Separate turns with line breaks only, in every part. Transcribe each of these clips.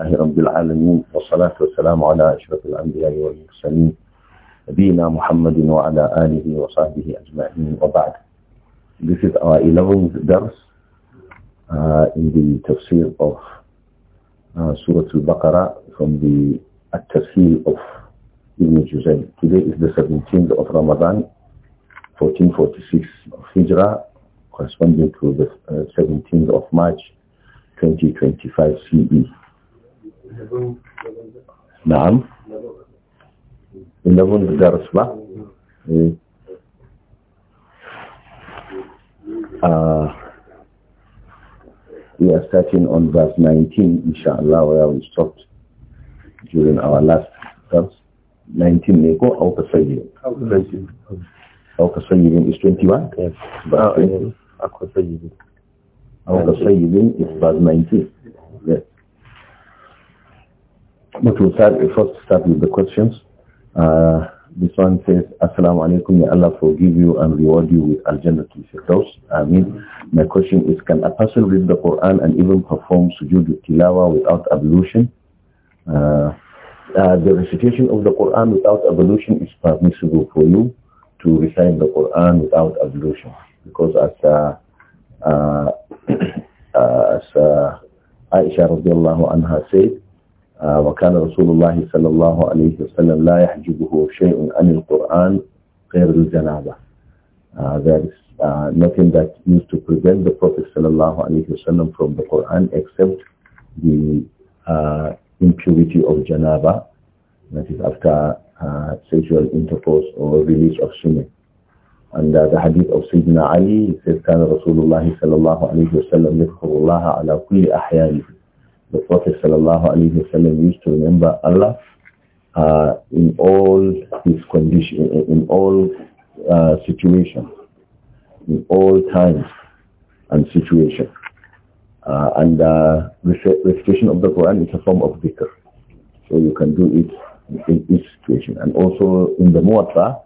لله رب العالمين والصلاة والسلام على أشرف الأنبياء والمرسلين نبينا محمد وعلى آله وصحبه أجمعين وبعد This is our 11th درس uh, in the tafsir of uh, Surah Al-Baqarah from the التفسير of Ibn Juzayn Today is the 17th of Ramadan 1446 of Hijrah corresponding to the uh, 17th of March 2025 CE. نعم لبن الدرس با uh, we are starting on verse 19 inshallah where we stopped during our last verse 19 may go out the sayyid out is 21 yes but out the sayyid is verse 19 yes but we'll start, first start with the questions. Uh, this one says, Assalamu alaikum, may Allah forgive you and reward you with Al-Jannah Firdaus. I mean, my question is, can a person read the Quran and even perform sujood tilawa without ablution? Uh, uh, the recitation of the Quran without ablution is permissible for you to recite the Quran without ablution. Because as, uh, uh, as uh, Aisha radiallahu anha said, وكان رسول الله صلى الله عليه وسلم لا يحجبه شيء عن القرآن غير الجنابة. There is uh, nothing that needs to prevent the Prophet صلى الله عليه وسلم from the Quran except the uh, impurity of janaba, that is after uh, sexual intercourse or release of semen. And uh, the hadith of Sayyidina Ali, says, كان رسول الله صلى الله عليه وسلم يذكر الله على كل أحيانه. the Prophet ﷺ used to remember Allah uh, in all his condition, in all uh, situations, in all times and situations. Uh, and uh, recitation of the Quran is a form of dhikr. So you can do it in each situation. And also in the Muatta,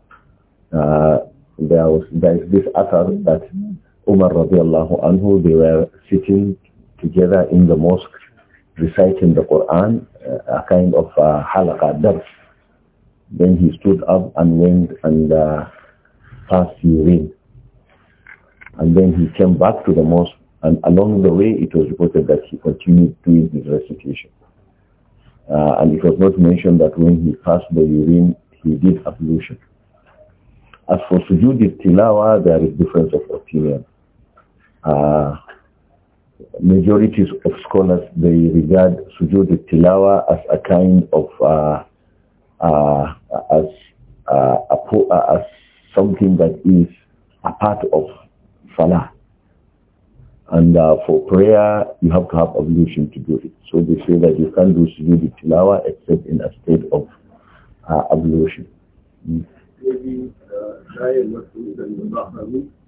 uh, there, was, there is this athar that Umar radiallahu anhu, they were sitting together in the mosque reciting the Quran, uh, a kind of uh, halakha dars. Then he stood up and went and uh, passed urine. And then he came back to the mosque and along the way it was reported that he continued doing his recitation. Uh, and it was not mentioned that when he passed the urine, he did ablution. As for sujood tilawa, there is difference of opinion. Uh, majorities of scholars, they regard sujud tilawa as a kind of, uh, uh, uh as, uh, uh, as something that is a part of salah. And for prayer, you have to have ablution to do it. So they say that you can't do sujud tilawa except in a state of ablution. Mm.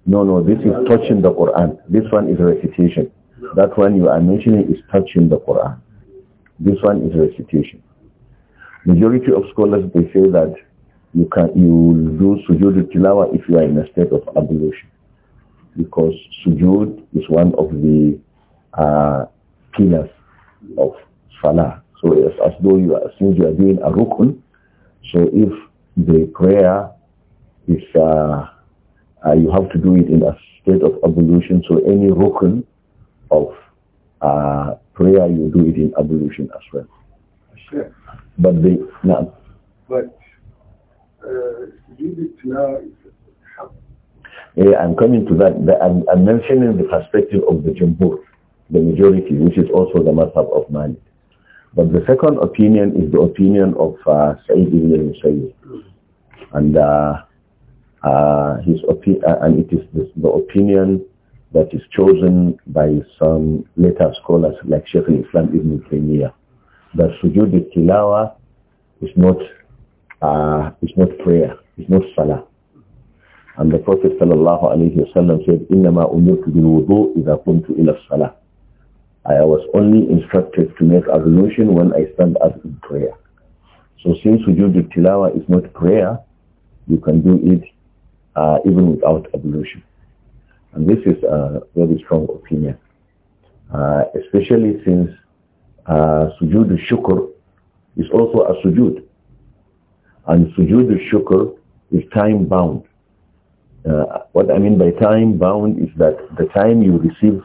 No, no, this is touching the Quran. This one is recitation. That one you are mentioning is touching the Quran. This one is recitation. Majority of scholars, they say that you can you do sujood tilawa if you are in a state of ablution. Because sujood is one of the uh, pillars of salah. So it's as though you are, since you are doing a rukun, so if the prayer is, uh, uh, you have to do it in a state of ablution, so any rukun of uh, prayer, you do it in ablution as well. Sure. But the now.
But uh, it now
yeah, I'm coming to that. The, I'm, I'm, mentioning the perspective of the Jumhur, the majority, which is also the matter of Malik. But the second opinion is the opinion of uh, Sayyid ibn And uh, uh, his opi uh, and it is this, the opinion that is chosen by some later scholars like Sheikh Islam Ibn Taymiyyah. That sujud tilawa is not uh, is not prayer, it's not salah. And the Prophet sallallahu alayhi wasallam said, "Innama umirtu bil wudu idha kuntu ila salah." I was only instructed to make ablution when I stand up in prayer. So since sujud tilawa is not prayer, you can do it uh, even without ablution. And this is a very strong opinion, uh, especially since uh, sujood shukr is also a sujood. And sujood shukr is time bound. Uh, what I mean by time bound is that the time you receive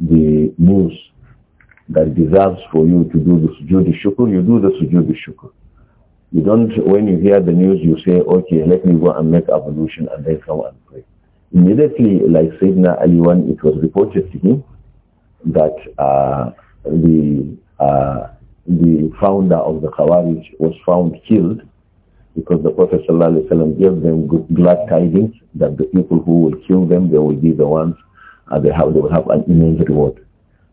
the news that deserves for you to do the sujood shukr, you do the sujood shukr. You don't, when you hear the news, you say, okay, let me go and make ablution and then come and pray. Immediately, like Sayyidina Ali, when it was reported to him that uh, the uh, the founder of the Khawarij was found killed because the Prophet ﷺ gave them good, glad tidings that the people who will kill them, they will be the ones uh, they, have, they will have an immense reward.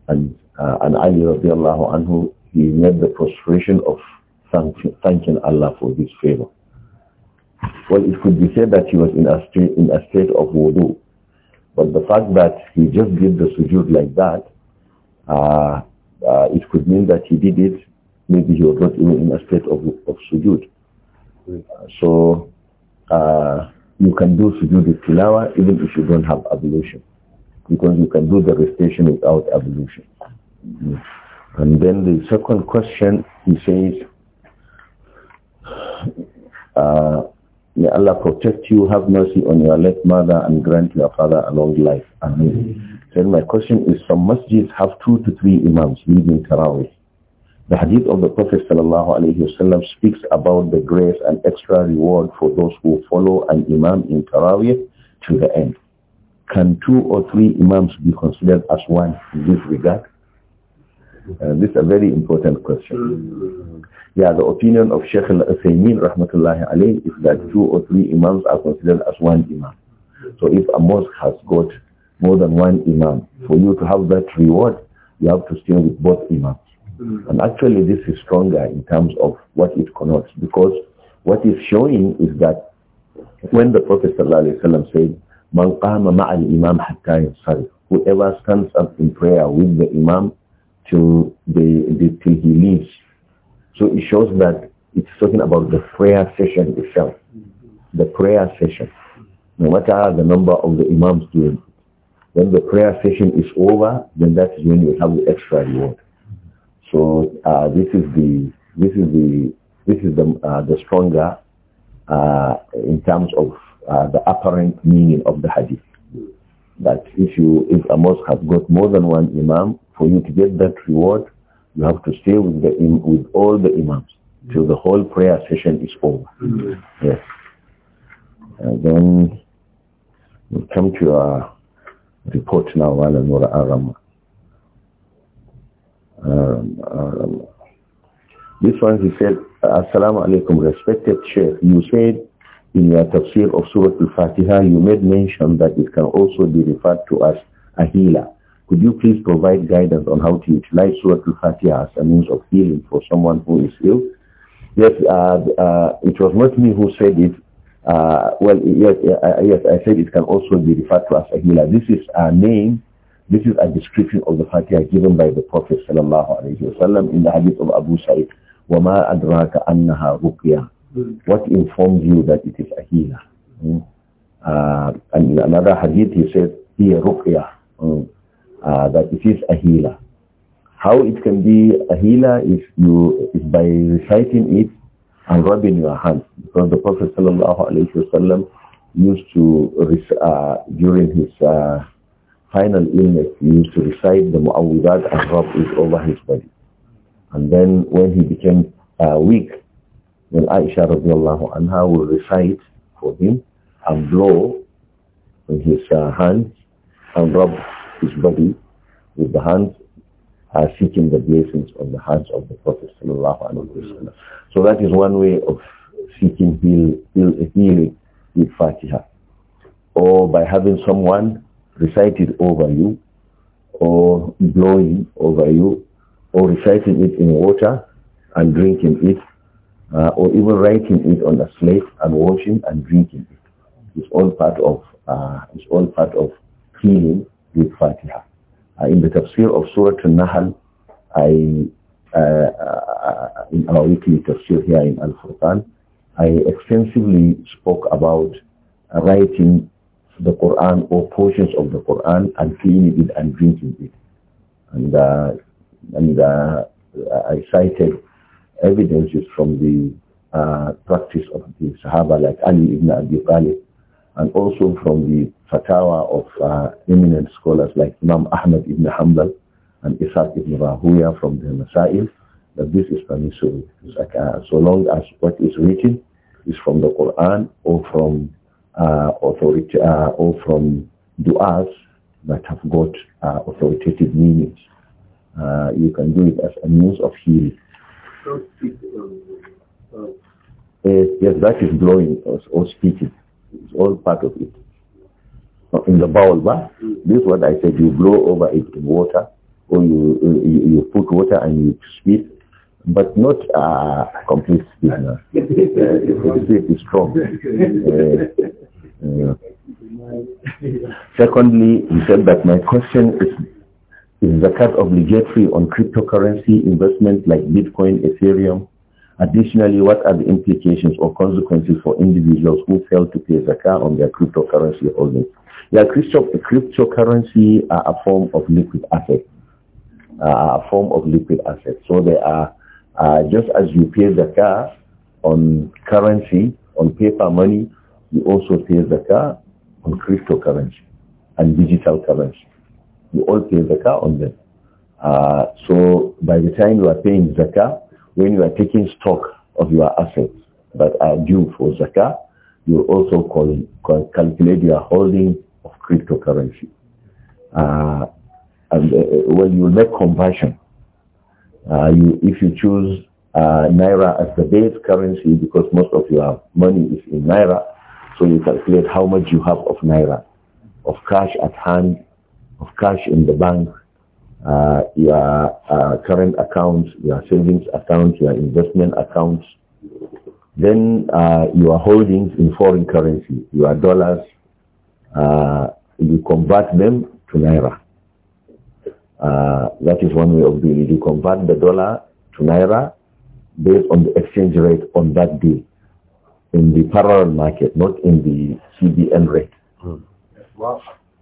And, uh, and Ali radiallahu anhu, he made the prostration of thanking, thanking Allah for this favor. Well, it could be said that he was in a, state, in a state of wudu. But the fact that he just did the sujood like that, uh, uh, it could mean that he did it, maybe he was not even in a state of, of sujood. Hmm. Uh, so you can do sujood with tilawa even if you don't have ablution. Because you can do the recitation without ablution. Hmm. And then the second question, he says, uh, May Allah protect you, have mercy on your late mother, and grant your father a long life. Amen. So my question is, some masjids have two to three imams leading Tarawih. The hadith of the Prophet ﷺ speaks about the grace and extra reward for those who follow an imam in Tarawih to the end. Can two or three imams be considered as one in this regard? Uh, this is a very important question. Mm-hmm. Yeah, the opinion of Sheikh Al-Uthaymeen rahmatullahi alayh is that mm-hmm. two or three imams are considered as one imam. So if a mosque has got more than one imam, for you to have that reward, you have to stay with both imams. Mm-hmm. And actually this is stronger in terms of what it connotes because what is showing is that when the Prophet ﷺ said, Man qama ma'al imam hatta whoever stands up in prayer with the imam to the, the till he leaves. So it shows that it's talking about the prayer session itself, the prayer session. No matter the number of the imams doing, when the prayer session is over, then that is when you have the extra reward. So uh, this is the this is the this is the uh, the stronger uh, in terms of uh, the apparent meaning of the hadith that if you if a mosque has got more than one imam, for you to get that reward, you have to stay with the with all the imams till the whole prayer session is over. Mm -hmm. Yes. And then we come to our report now, Alanura Arama. Um, um, this one he said, Assalamu alaikum, respected Sheikh, you said in your tafsir of Surah Al-Fatiha, you made mention that it can also be referred to as a healer. Could you please provide guidance on how to utilize Surah Al-Fatiha as a means of healing for someone who is ill? Yes, uh, uh, it was not me who said it. Uh, well, yes, uh, yes, I said it can also be referred to as a healer. This is a name, this is a description of the Fatiha given by the Prophet sallallahu in the hadith of Abu Sa'id. وَمَا أَدْرَاكَ أَنَّهَا رُقْيَةٌ what informs you that it is a healer? Mm. Uh, and in another hadith he said, he mm. uh, that it is a healer. How it can be a healer if you is by reciting it and rubbing your hands. Because the Prophet sallallahu used to, uh, during his uh, final illness, he used to recite the mu'awwidat and rub it over his body. And then when he became uh, weak, then Aisha radiallahu anha will recite for him and blow on his uh, hands and rub his body with the hands, uh, seeking the blessings on the hands of the Prophet sallallahu alaihi wasallam. So that is one way of seeking heal, heal, healing with Fatiha. Or by having someone recite it over you, or blowing over you, or reciting it in water and drinking it uh, or even writing it on a slate and washing and drinking it. It's all part of uh, it's all part of cleaning with Fatiha. Uh, in the tafsir of Surah An-Nahl, I uh, uh, in our weekly tafsir here in Al-Furqan, I extensively spoke about writing the Quran or portions of the Quran and cleaning it and drinking it. And, uh, and uh, I cited evidences from the uh, practice of the Sahaba like Ali ibn Abi Talib and also from the fatwa of uh, eminent scholars like Imam Ahmad ibn Hanbal and Ishaq ibn Rahuya from the Masail that this is permissible like, uh, so long as what is written is from the Quran or from uh, authority uh, or from du'as that have got uh, authoritative meanings. Uh, you can do it as a means of healing.
Yes, uh,
yes, that is blowing or, or speaking. It's all part of it. Uh, in the bowl, but this is what I said. You blow over it in water, or you you, you put water and you spit, but not uh, complete speed. uh, the is strong. Uh, uh. Secondly, he said that my question is is zakat obligatory on cryptocurrency investment like Bitcoin, Ethereum? Additionally, what are the implications or consequences for individuals who fail to pay zakat on their cryptocurrency holdings? Yeah, crypto, cryptocurrency are a form of liquid asset, uh, a form of liquid asset. So they are, uh, just as you pay zakat on currency, on paper money, you also pay zakat on cryptocurrency and digital currency. We all pay zakah on them. Uh, so by the time you are paying zakah, when you are taking stock of your assets that are due for zakah, you also call, calculate your holding of cryptocurrency. Uh, and uh, uh, when you make conversion, uh, you, if you choose uh, naira as the base currency, because most of your money is in naira, so you calculate how much you have of naira, of cash at hand of cash in the bank, uh, your uh, current accounts, your savings accounts, your investment accounts, then uh, your holdings in foreign currency, your dollars, uh, you convert them to naira. Uh, that is one way of doing it. You convert the dollar to naira based on the exchange rate on that day in the parallel market, not in the CBN rate. Mm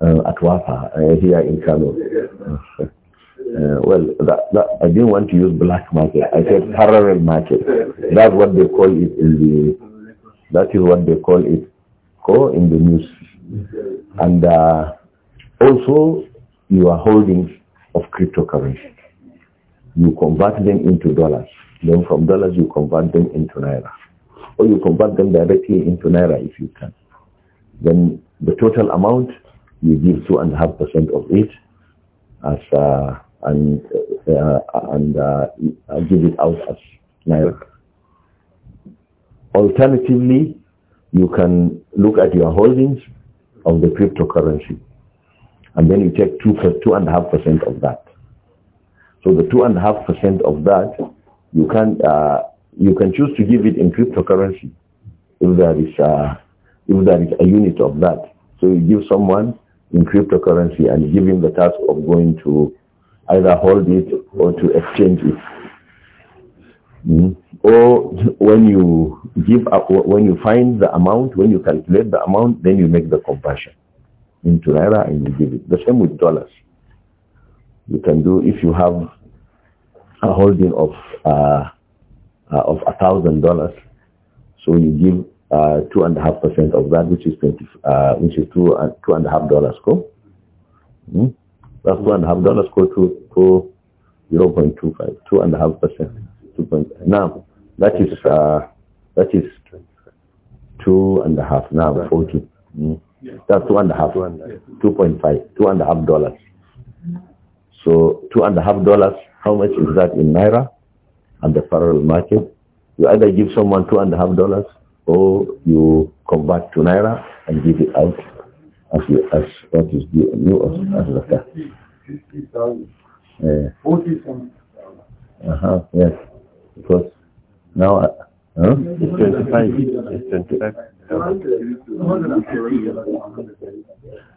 uh, at Wafa uh, here in Kano. Uh, well, that, that, I didn't want to use black market. I said parallel market. That's what they call it in the. That is what they call it, co in the news. And uh, also are holding of cryptocurrency. You convert them into dollars. Then from dollars you convert them into naira, or you convert them directly into naira if you can. Then the total amount you give two and a half percent of it as uh, and uh, and uh, give it out as naira. Alternatively, you can look at your holdings of the cryptocurrency, and then you take two two and a half percent of that. So the two and a half percent of that, you can uh, you can choose to give it in cryptocurrency if there is a, uh, if there is a unit of that. So you give someone in cryptocurrency and give him the task of going to either hold it or to exchange it. Mm. Or when you give up, when you find the amount, when you calculate the amount, then you make the conversion into naira and you give it. The same with dollars. You can do if you have a holding of uh, uh, of a thousand dollars. So you give two and a half percent of that, which is twenty, uh, which is two two and a half dollars. Go. Hmm? That's two and a half dollars. Go to to Two and a half percent. Two point. Now that is uh, that is two and a half. Now forty. Hmm? That's two and a half. Two point five. Two and a half dollars. So two and a half dollars. How much is that in naira? And the parallel market. You either give someone two and a half dollars or you convert to naira and give it out as you, as what is due you as as zakah. Yeah. Uh huh. Yes. Because now. Uh, Huh? It's 25. It's 25.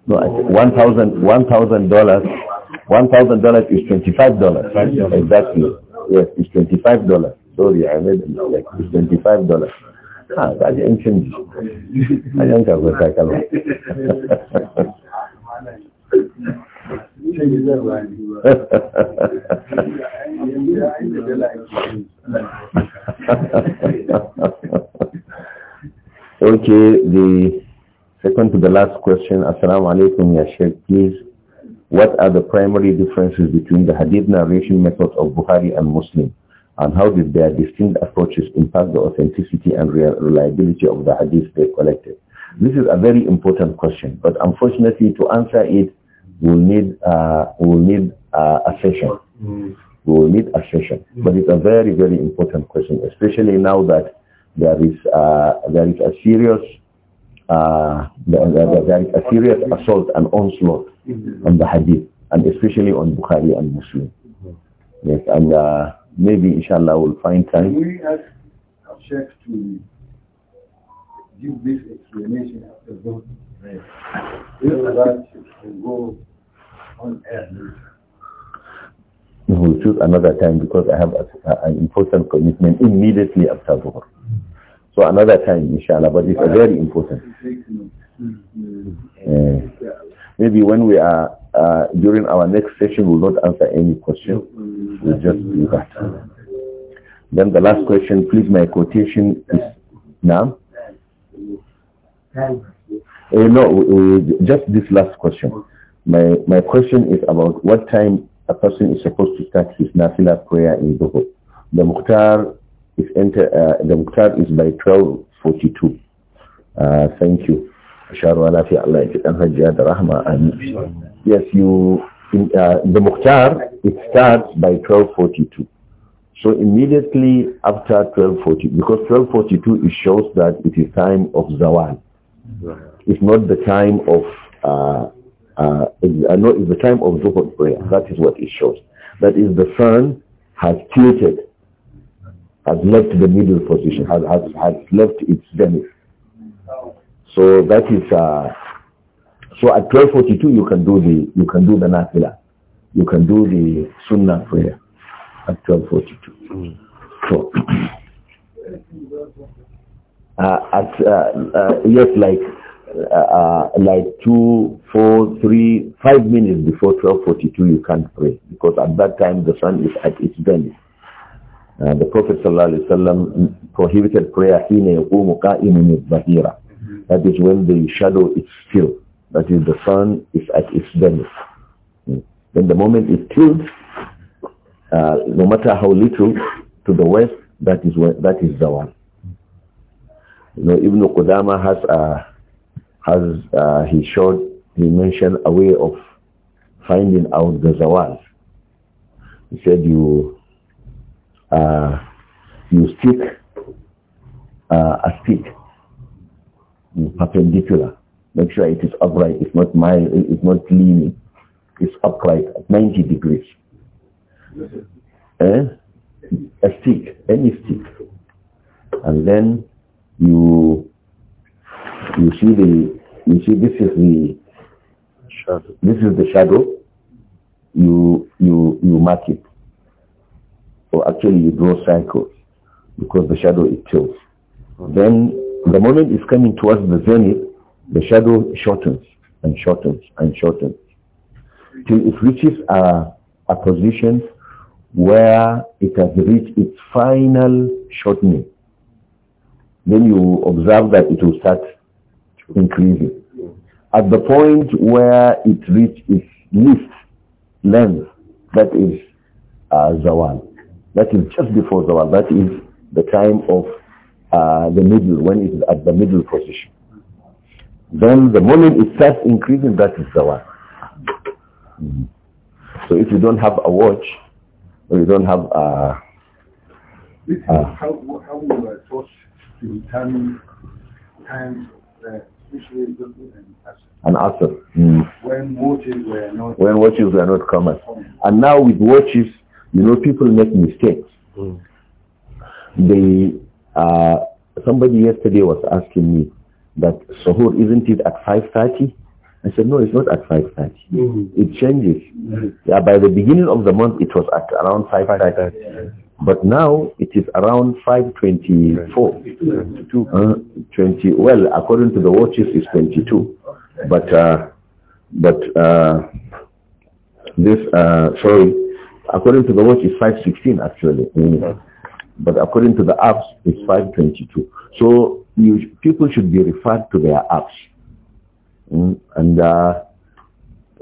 No, one thousand, one thousand dollars, one thousand dollars is twenty-five dollars. Exactly. Yes, it's twenty-five dollars. Sorry, I made a mistake. It's twenty-five dollars a okay the second to the last question assalamu alaikum ya sheikh please what are the primary differences between the hadith narration methods of bukhari and muslim and how did their distinct approaches impact the authenticity and reliability of the hadith they collected? This is a very important question, but unfortunately to answer it, we'll need, uh, we'll need uh, a session. Mm. Mm-hmm. We will need a session. Mm. But it's a very, very important question, especially now that there is, uh, there is a serious uh, there, there, there is a serious assault and onslaught mm -hmm. on the hadith, and especially on Bukhari and Muslim. Mm -hmm. Yes, and uh, maybe inshallah we'll find time. Can
we ask Sheikh to give this explanation after those right. so that it will go on air
We'll choose another time because I have a, an important commitment immediately after Zuhur. So another time, inshallah, but it's very important. Uh, Maybe when we are, uh, during our next session, we'll not answer any question. We'll just do that. Then the last question, please, my quotation is now. Uh, eh, no, just this last question. My, my question is about what time a person is supposed to start his nafila prayer in Dhuhr. The Mukhtar is enter, uh, the Mukhtar is by 12:42. Uh, thank you sharuwa Allah rahma amin yes you in, uh, the muqtar it starts by 1242 so immediately after 1240 because 1242 it shows that it is time of zawal it's not the time of uh, uh, uh no, it's the time of Zuhur prayer. That is what it shows. That is the sun has tilted, has left the middle position, has, has, has left its zenith. So that is uh, so at 12:42 you can do the you can do the nafila, you can do the sunnah prayer at 12:42. So uh, at uh, uh, yes, like uh, uh, like two, four, three, five minutes before 12:42 you can't pray because at that time the sun is at its zenith. Uh, the Prophet ﷺ prohibited prayer in a that is when the shadow is still. That is the sun is at its zenith. Hmm. Then the moment it tilts, uh, no matter how little, to the west, that is when that is the one. You know, even Kodama has uh, has uh, he showed he mentioned a way of finding out the zawal. He said you uh, you stick uh, a stick perpendicular. Make sure it is upright. It's not my, it's not leaning. It's upright at 90 degrees. Eh? A stick, any stick. And then you, you see the, you see this is the, shadow. this is the shadow. You, you, you mark it. Or actually you draw circles because the shadow it tilts. Then the moment it's coming towards the zenith, the shadow shortens and shortens and shortens till it reaches a, a position where it has reached its final shortening. Then you observe that it will start increasing. At the point where it reaches its least length, that is uh, Zawal. That is just before Zawal. That is the time of uh, the middle, when it is at the middle position. Then the moment it starts increasing, that is the one. Mm -hmm. So if you don't have a watch, or you don't have a...
a how, how will a torch to determine times uh,
and asset? An mm-hmm.
When watches were not... When watches were not common.
And now with watches, you know, people make mistakes. Mm. They uh, somebody yesterday was asking me that suhoor isn't it at 5.30? I said, no, it's not at 5.30. Mm -hmm. It changes. Mm -hmm. yeah, by the beginning of the month, it was at around 5.30. Yeah. But now it is around 524. Uh, 20, well, according to the watches, it's 22. But, uh, but uh, this, uh, sorry, according to the watch, it's 516 actually. Mm. But according to the apps, it's 522. So you, people should be referred to their apps. Mm, and uh,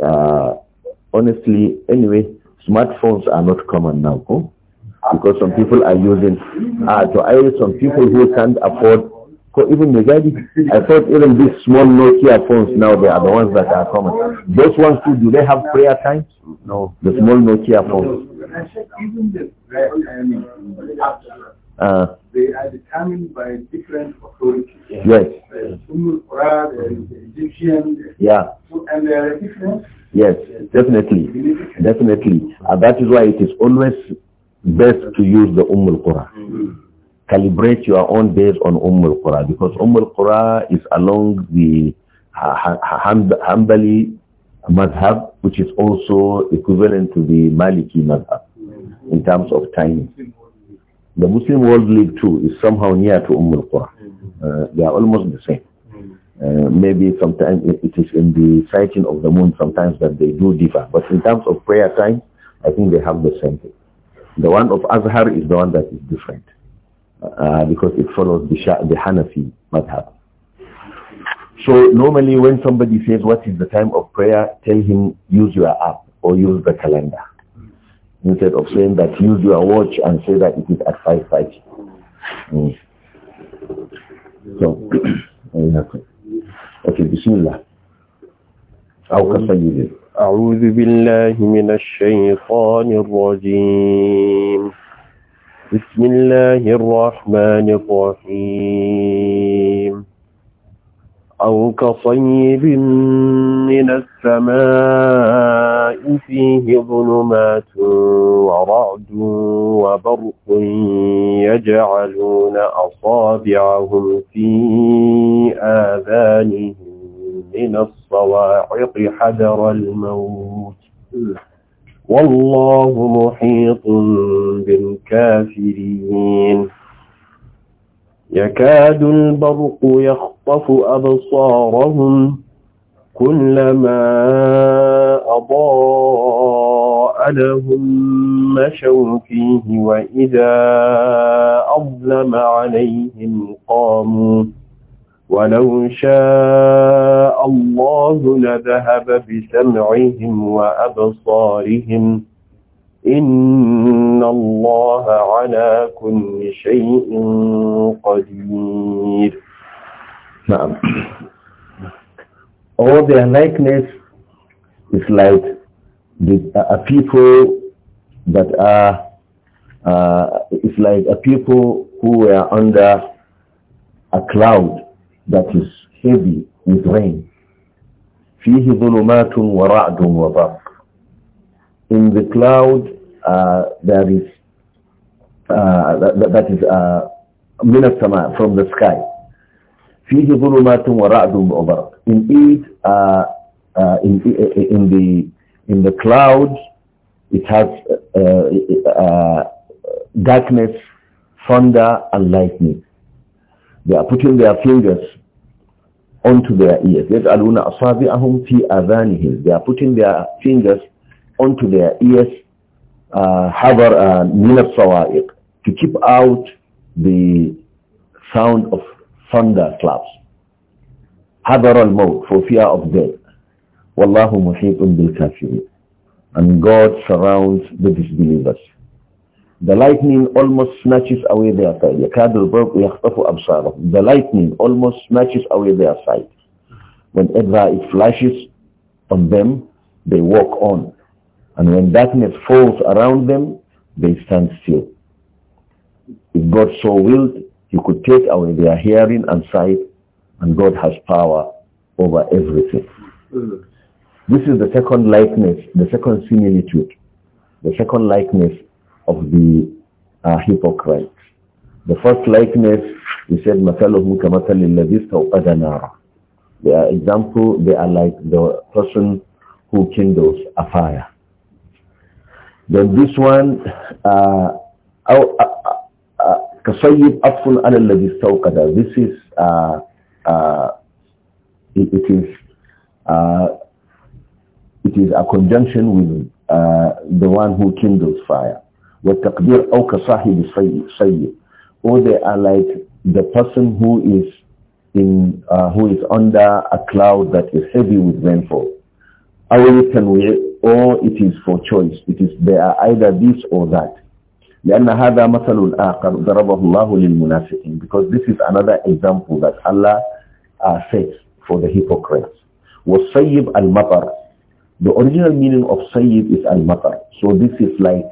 uh, honestly, anyway, smartphones are not common now, huh? because some people are using. Uh, so I some people who can't afford so even Megadi, I thought even these small Nokia phones now, they are the ones that are common. Those ones too, do they have prayer times? No. The small Nokia phones.
Uh, they are determined by different authorities. Yes. The the Egyptian. Yeah. And there are different.
Yes, definitely. Definitely. Uh, that is why it is always best to use the Umm al calibrate your own days on Ummul al-Qura because Ummul al-Qura is along the Hanbali madhab, which is also equivalent to the Maliki madhab in terms of timing. The Muslim world league too is somehow near to Ummul al-Qura. Uh, they are almost the same. Uh, maybe sometimes it is in the sighting of the moon sometimes that they do differ. But in terms of prayer time, I think they have the same thing. The one of Azhar is the one that is different uh, because it follows the, the Hanafi madhab. So normally when somebody says, what is the time of prayer, tell him, use your app or use the calendar. Instead of saying that, use your watch and say that it is at 5.30. Mm. So, okay, Bismillah. أعوذ بالله
من الشيطان الرجيم بسم الله الرحمن الرحيم أو كصيب من السماء فيه ظلمات ورعد وبرق يجعلون أصابعهم في آذانهم من الصواعق حذر الموت والله محيط بالكافرين يكاد البرق يخطف أبصارهم كلما أضاء لهم مشوا فيه وإذا أظلم عليهم قاموا ولو شاء الله لذهب بسمعهم وأبصارهم إن الله على كل شيء قدير نعم All their likeness
is like the, uh, people that are, uh, it's like a people who are under a cloud that is heavy with rain. فيه ظلمات ورعد وبرق. In the cloud uh, there is uh, that, that is uh, من uh, السماء from the sky. فيه ظلمات ورعد وبرق. In it, uh, uh, in, in the in the cloud, it has uh, darkness, thunder, and lightning. They are putting their fingers onto their ears. يَجْعَلُونَ أَصَابِعَهُمْ فِي أَذَانِهِمْ They are putting their fingers onto their ears uh, حَذَرْ uh, مِنَ الصَّوَائِقِ To keep out the sound of thunder slaps. حَذَرَ الْمَوْتِ For fear of death. وَاللَّهُ مُحِيطٌ بِالْكَافِرِينَ And God surrounds the disbelievers. The lightning almost snatches away their sight. The lightning almost snatches away their sight. Whenever it flashes on them, they walk on. And when darkness falls around them, they stand still. If God so willed, he could take away their hearing and sight, and God has power over everything.
This
is the second likeness, the second similitude, the second likeness of the uh, The first likeness, we said, مَثَلُهُمْ كَمَثَلِ الَّذِي اسْتَوْقَدَ نَارًا They are example, they are like the person who kindles a fire. Then this one, كَصَيِّبْ أَفْلٌ عَلَى الَّذِي kada." This is, uh, uh, it, it is, uh, it is a conjunction with uh, the one who kindles fire. وَالتَّقْدِيرُ أَوْ كَصَاحِبِ السَّيِّ Or they are like the person who is in uh, who is under a cloud that is heavy with rainfall. أَوْ يَتَنْوِعِ Or it is for choice. It is they are either this or that. لأن هذا مثل آخر ضربه الله للمنافقين because this is another example that Allah uh, sets for the hypocrites. وَالصَّيِّبْ al-matar. The original meaning of sayyib is al-matar. So this is like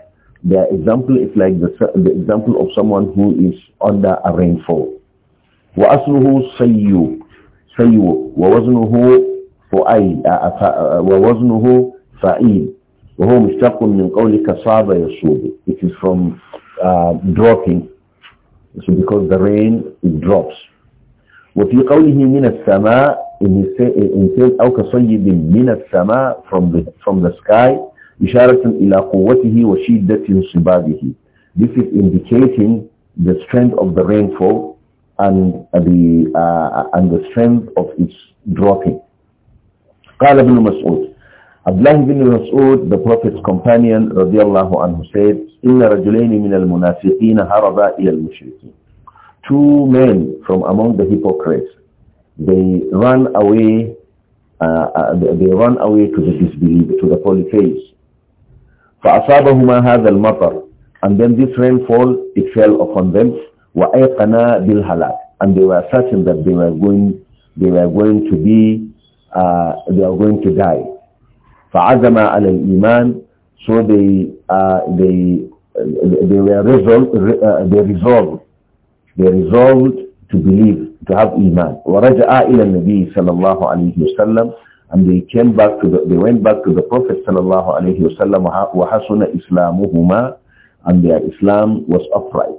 the example is like the, the example of someone who is under a rainfall. وأصله سيو سيو ووزنه فؤيد ووزنه فعيل وهو مشتق من قولك صاب يصوب it is from uh, dropping so because the rain it drops وفي قوله من السماء in his in says أو كصيب من السماء from the from the sky Bisharatun ila quwwatihi wa shiddatin sibabihi. This is indicating the strength of the rainfall and the, uh, and the strength of its dropping. قال ابن مسعود Abdullah ibn Mas'ud, the Prophet's companion, radiallahu anhu, said, إِنَّ رَجُلَيْنِ مِنَ الْمُنَافِقِينَ هَرَبَا إِلَى الْمُشْرِكِينَ Two men from among the hypocrites, they run away, uh, uh, they, run away to the disbelief to the polytheists. فَأَصَابَهُمَا هَذَا الْمَطَرُ And then this rainfall, it fell upon them. وَأَيْقَنَا بِالْهَلَاكِ And they were certain that they were going, they were going to be, uh, they were going to die. فَعَزَمَا عَلَى الْإِيمَانِ So they, uh, they, uh, they were resolved, uh, they resolved, they resolved to believe, to have iman. وَرَجَعَا إِلَى النَّبِيِّ صَلَى اللَّهُ عَلَيْهِ وَسَلَّمَ and they came back to the, they went back to the Prophet sallallahu alaihi wasallam. wa وَحَسُنَ إِسْلَامُهُمَا And their Islam was upright.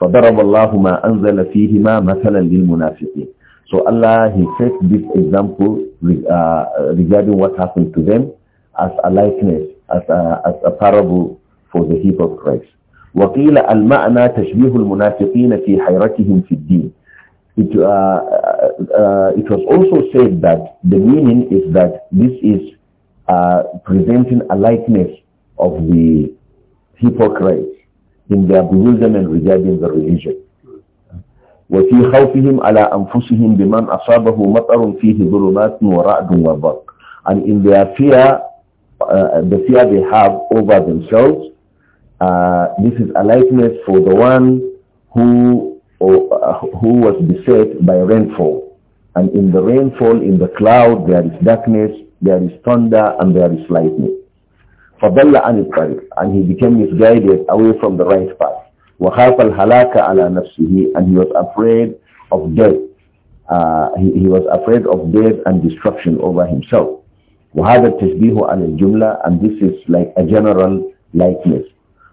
فَضَرَبَ اللَّهُ مَا أَنزَلَ فِيهِمَا مَثَلًا لِلْمُنَافِقِينَ So Allah, He set this example uh, regarding what happened to them as a likeness, as a, as a parable for the hypocrites. وقيل المعنى تشبيه المنافقين في حيرتهم في الدين. It, uh, uh, it was also said that the meaning is that this is uh, presenting a likeness of the hypocrites in their bewilderment regarding the religion. وفي خوفهم على أنفسهم بمن أصابه مطر فيه ظلمات ورعد وبرق and in their fear uh, the fear they have over themselves uh, this is a likeness for the one who or, uh, who was beset by rainfall and in the rainfall, in the cloud, there is darkness, there is thunder, and there is lightning. فَضَلَّ عَنِ الطَّرِيقِ And he became misguided away from the right path. وَخَافَ الْهَلَاكَ عَلَى نَفْسِهِ And he was afraid of death. Uh, he, he, was afraid of death and destruction over himself. وَهَذَا التَّشْبِيهُ عَلَى الْجُمْلَةِ And this is like a general likeness.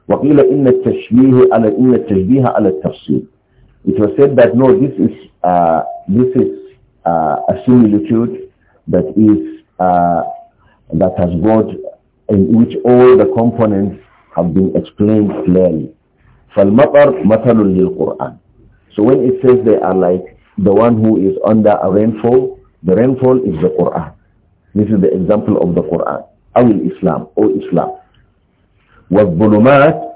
وقيل إن التشبيه على إن التشبيه على التفصيل. It was said that no, this is uh, this is uh, a similitude that is uh, that has got in which all the components have been explained clearly. فَالْمَطَرْ مَثَلٌ لِلْقُرْآنِ So when it says they are like the one who is under a rainfall, the rainfall is the Qur'an. This is the example of the Qur'an. أو Islam, or Islam. وَالظُّلُمَاتِ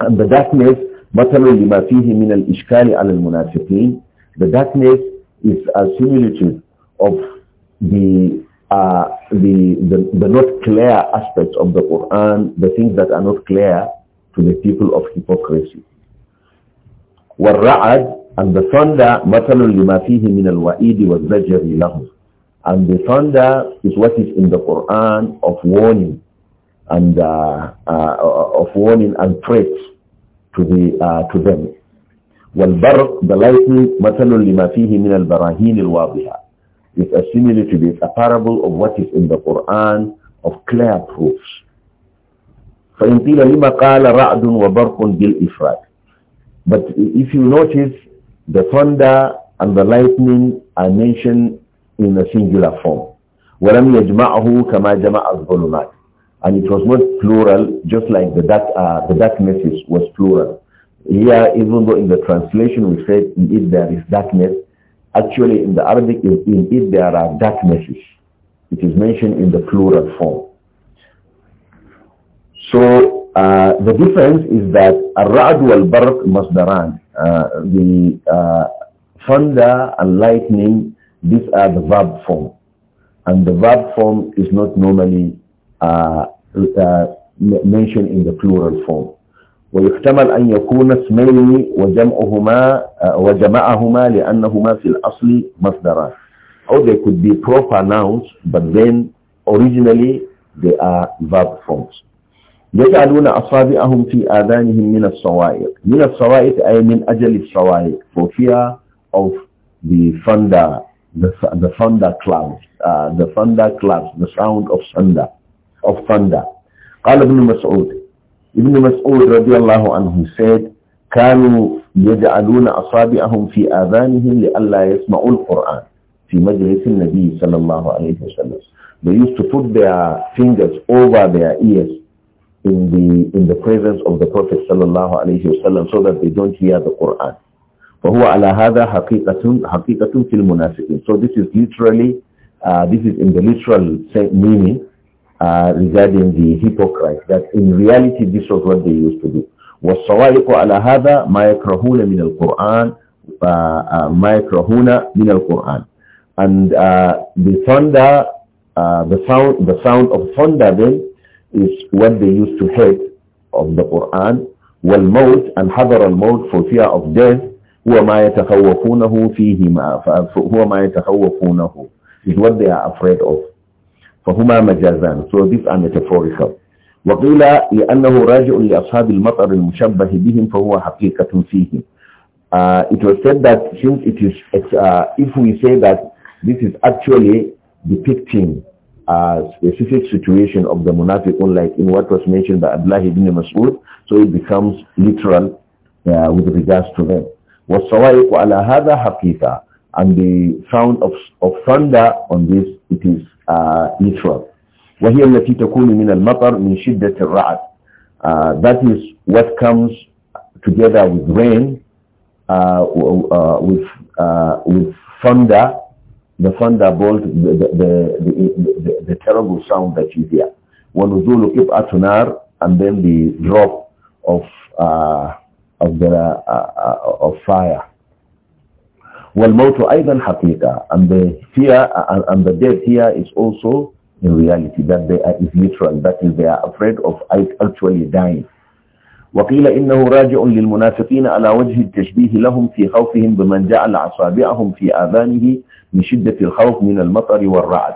And the darkness, مَثَلٌ لِمَا فِيهِ مِنَ الْإِشْكَالِ عَلَى الْمُنَافِقِينَ The darkness is a similitude of the uh, the, the the not clear aspects of the Quran, the things that are not clear to the people of hypocrisy. وَالرَّعَدْ and the thunder مَثَلٌ لِمَا فِيهِ مِنَ الْوَعِيدِ وَالزَّجْرِ لَهُمْ And the thunder is what is in the Quran of warning and uh, uh, of warning and threats to the uh, to them. والبرق the lightning مثل لما فيه من البراهين الواضحة is a similitude is a parable of what is in the Quran of clear proofs فإن قيل لما قال رعد وبرق بالإفراد but if you notice the thunder and the lightning are mentioned in a singular form ولم يجمعه كما جمع الظلمات and it was not plural just like the dark uh, the darkness was plural Here, even though in the translation we said, in it there is darkness, actually in the Arabic, in it there are darknesses. It is mentioned in the plural form. So uh, the difference is that Ar-Ra'd wal-Barq Masdaran, uh, the uh, thunder and lightning, these are the verb form. And the verb form is not normally uh, uh mentioned in the plural form. ويحتمل أن يكون اسمين وجمعهما وجمعهما لأنهما في الأصل مصدران or they could be proper nouns but then originally they are verb forms يجعلون أصابعهم في آذانهم من الصوائق من الصوائق أي من أجل الصوائق for fear of the thunder the, the thunder clouds uh, the thunder clouds the sound of thunder of thunder قال ابن مسعود أبن Ibn Mas'ud الله عنه said, كانوا يجعلون أصابعهم في آذانهم لئلا يسمعوا القرآن في مجلس النبي صلى الله عليه وسلم. They used to put their fingers over their ears in the in the presence of the Prophet صلى الله عليه وسلم so that they don't hear the Quran. فهو على هذا حقيقة حقيقة في المنافقين. So this is literally uh, this is in the literal meaning uh, regarding the hypocrites that in reality this was what they used to do. والصوائق على هذا ما يكرهون من القرآن uh, uh, ما يكرهون من القرآن and uh, the thunder uh, the sound the sound of thunder then is what they used to hate of the Quran والموت and حذر الموت for fear of death هو ما يتخوفونه am I هو ما يتخوفونه is what they are afraid of فهما مجازان so these are metaphorical وقيل لأنه راجع لأصحاب المطر المشبه بهم فهو حقيقة فيهم uh, it was said that since it is uh, if we say that this is actually depicting a specific situation of the munafiqun like in what was mentioned by Abdullah ibn Mas'ud so it becomes literal uh, with regards to them والصوائق على هذا حقيقة and the sound of, of thunder on this it is uh, literal. وهي التي تكون من المطر من شدة الرعد. Uh, that is what comes together with rain, uh, uh, with uh, with thunder, the thunderbolt, the the the, the, the terrible sound that you hear. ونزول قطعة نار and then the drop of uh, of the uh, of fire. والموت أيضا حقيقة and the fear and, and the death here is also in reality that they are is literal that is they are afraid of actually dying وقيل إنه راجع للمنافقين على وجه التشبيه لهم في خوفهم بمن جعل أصابعهم في آذانه من شدة الخوف من المطر والرعد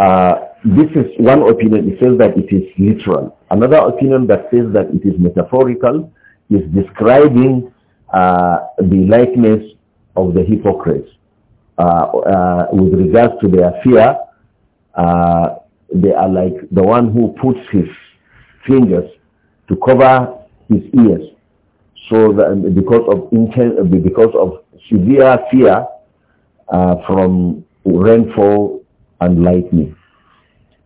uh, This is one opinion, it says that it is literal. Another opinion that says that it is metaphorical is describing uh, the likeness of the hypocrites uh, uh, with regards to their fear. Uh, they are like the one who puts his fingers to cover his ears, so that um, because of intense, because of severe fear uh, from rainfall and lightning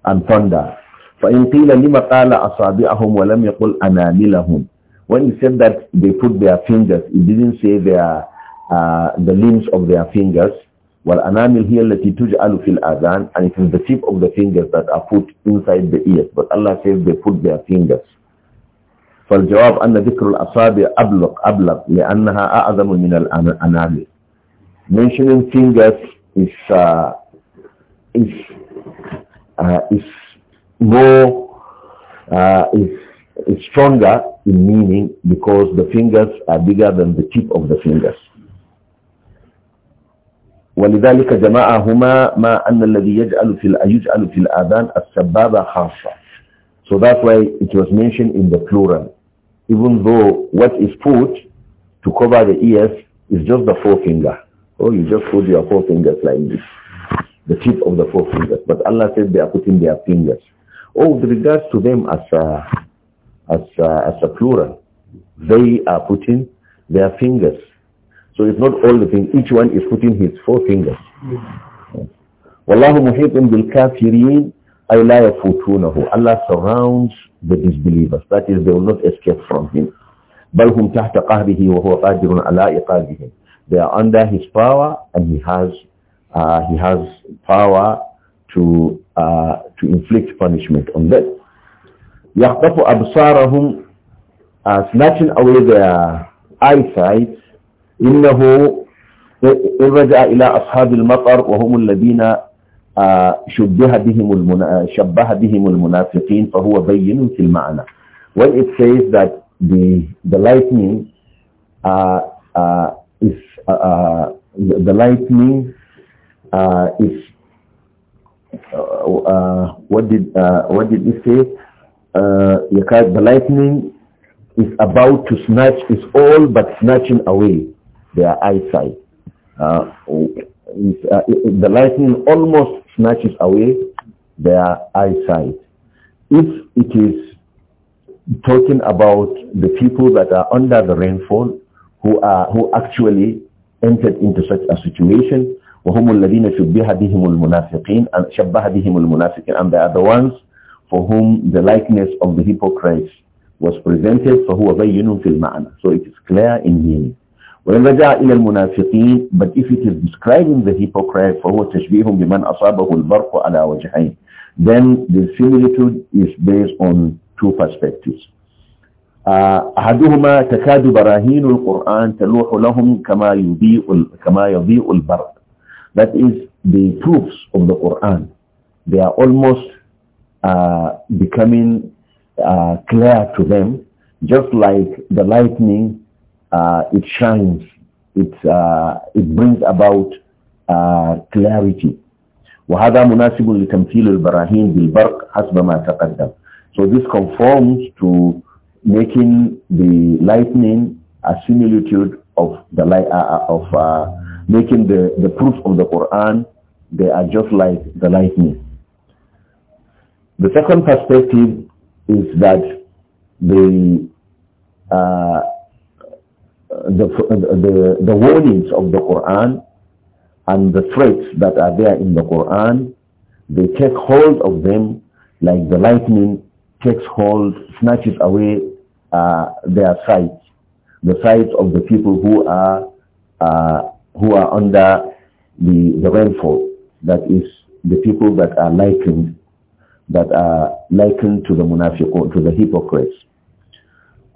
and thunder. فإن قيل لما قال أصابعهم ولم يقل أناملهم when he said that they put their fingers, he didn't say their uh, the limbs of their fingers. وَالْأَنَامِلْ هِيَ الَّتِي تُجْعَلُ fil الْأَذَانِ And it is the tip of the fingers that are put inside the ears. But Allah says they put their fingers. فالجواب أن ذكر الأصابع أبلغ أبلغ لأنها أعظم من الأنامل. Mentioning fingers is uh, is uh, is more uh, is is stronger in meaning because the fingers are bigger than the tip of the fingers. ولذلك ما أن الذي يجعل في يجعل في الآذان السبابة خاصة. So that's why it was mentioned in the plural. Even though what is put to cover the ears is just the forefinger. Oh, you just put your four fingers like this, the tip of the four fingers. But Allah said they are putting their fingers. Oh, with regards to them as a, as a, as a plural, they are putting their fingers. So it's not all the things. Each one is putting his four fingers. Wallahu مُحِيطٌ bil kafirin لَا يَفُوتُونَهُ Allah surrounds the disbelievers. That is, they will not escape from him. بَلْ هُمْ تَحْتَ قَهْرِهِ وَهُوَ قَادِرٌ عَلَىٰ They are under his power and he has, uh, he has power to, uh, to inflict punishment on them. يَخْطَفُ أَبْصَارَهُمْ uh, Snatching away their eyesight إنه رجع إلى أصحاب المطر وهم الذين شبه بهم شبه بهم المنافقين فهو بين في المعنى. When it says that the the lightning uh, uh, is uh, the, the lightning is what did what did it say? the lightning is about to snatch is all but snatching away. their eyesight. Uh, uh, the lightning almost snatches away their eyesight. If it is talking about the people that are under the rainfall, who are who actually entered into such a situation, وهم الذين شبه بهم المنافقين and شبه بهم المنافقين and they are the ones for whom the likeness of the hypocrites was presented فهو بين في المعنى so it is clear in meaning وَيَنْرَجَعَ إِلَى الْمُنَافِقِينَ But if it is describing the hypocrite, فَهُوَ تَشْبِيهٌ بِمَنْ أَصَابَهُ الْبَرْقُ عَلَى وَجْهَيْنِ Then the similitude is based on two perspectives. Uh, أحدهما تكاد براهين القرآن تلوح لهم كما يضيء كما يضيء البرق. That is the proofs of the Quran. They are almost uh, becoming uh, clear to them, just like the lightning uh, it shines, it, uh, it brings about uh, clarity. So this conforms to making the lightning a similitude of the light uh, uh of uh, making the the proofs of the Quran. They are just like the lightning. The second perspective is that the uh, the, the, the warnings of the Quran and the threats that are there in the Quran, they take hold of them like the lightning takes hold, snatches away uh, their sight, the sight of the people who are uh, who are under the, the rainfall. That is the people that are likened, that are likened to the munafiq, to the hypocrites.